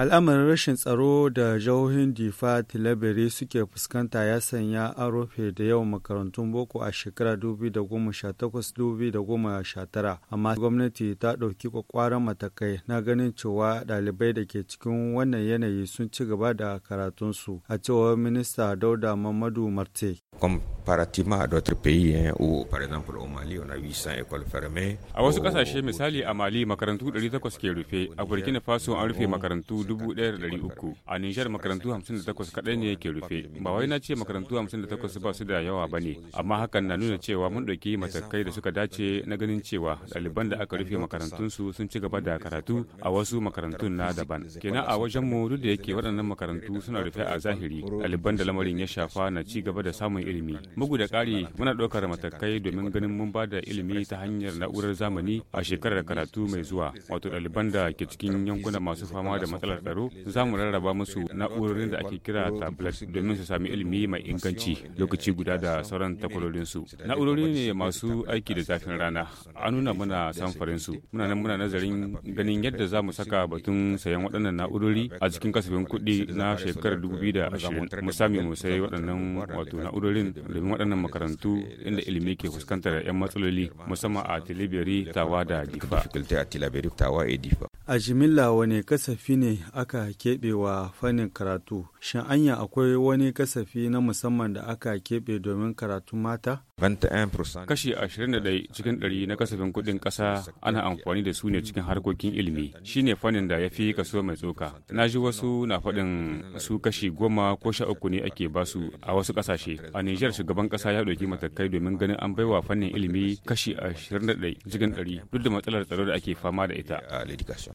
al'amarin rashin tsaro da jihohin difa tilabere suke fuskanta ya sanya an rufe da yawan makarantun boko a shekara 2018-2019 amma gwamnati ta ɗauki kwakwaran matakai na ganin cewa ɗalibai da ke cikin wannan yanayi sun ci gaba da karatunsu a cewar minista dauda mamadu marte comparativement à d'autres pays hein, où par exemple au Mali on a 800 écoles fermées. A wasu kasashe misali a Mali makarantu 800 ke rufe, a Burkina Faso an rufe makarantu 1300, a Niger makarantu 58 kadai ne ke rufe. Ba wai na ce makarantu 58 ba su da yawa ba ne amma hakan na nuna cewa mun ɗauki matakai da suka dace na ganin cewa ɗaliban da aka rufe makarantunsu sun ci gaba da karatu a wasu makarantun na daban. Kenan a wajen mu duk da yake waɗannan makarantu suna rufe a zahiri, ɗaliban da lamarin ya shafa na ci gaba da samun ilimi mugu da ƙari muna ɗaukar matakai domin ganin mun ba da ilimi ta hanyar na'urar zamani a shekarar karatu mai zuwa wato ɗaliban da ke cikin yankuna masu fama da matsalar tsaro za mu rarraba musu na'urorin da ake kira tablet domin su sami ilimi mai inganci lokaci guda da sauran takwarorinsu na'urori ne masu aiki da zafin rana an nuna mana samfarinsu muna nan muna nazarin ganin yadda za mu saka batun sayan waɗannan na'urori a cikin kasafin kuɗi na shekarar 2020 mu sami mu sayi waɗannan wato na'urori wurin domin waɗannan makarantu inda ilimi ke fuskantar 'yan matsaloli musamman a tilibiri tawa da difa A jimilla wane kasafi ne aka keɓe wa fannin karatu? Shin anya akwai wani kasafi na musamman da aka keɓe domin karatu mata? Kashi 21 cikin 100 na kasafin kuɗin ƙasa ana amfani da su ne cikin harkokin ilimi shine fannin da ya fi kaso mai tsoka. Na ji wasu na faɗin su kashi goma ko sha uku ne ake basu a wasu ƙasashe. A Nijar shugaban ƙasa ya ɗauki matakai domin ganin an baiwa fannin ilimi kashi 21 cikin 100 duk da matsalar tsaro da ake fama da ita.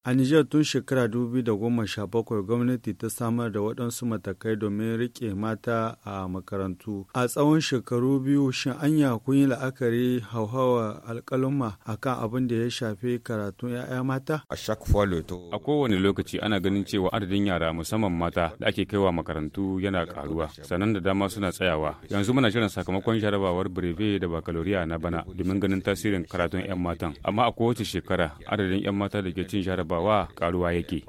A Nijar tun shekara 2017 gwamnati ta samar da waɗansu matakai domin rike mata a makarantu. A tsawon shekaru biyu shin anya kun yi la'akari hauhawa a akan abin da ya shafi karatun 'ya'ya mata? A A kowane lokaci ana ganin cewa adadin yara musamman mata da ake kaiwa makarantu yana ƙaruwa, sannan da dama suna tsayawa. Yanzu muna shirin sakamakon jarabawar breve da bakaloriya na bana domin ganin tasirin karatun 'yan matan. Amma a kowace shekara adadin 'yan mata da ke cin jarabawa 場はガルワ駅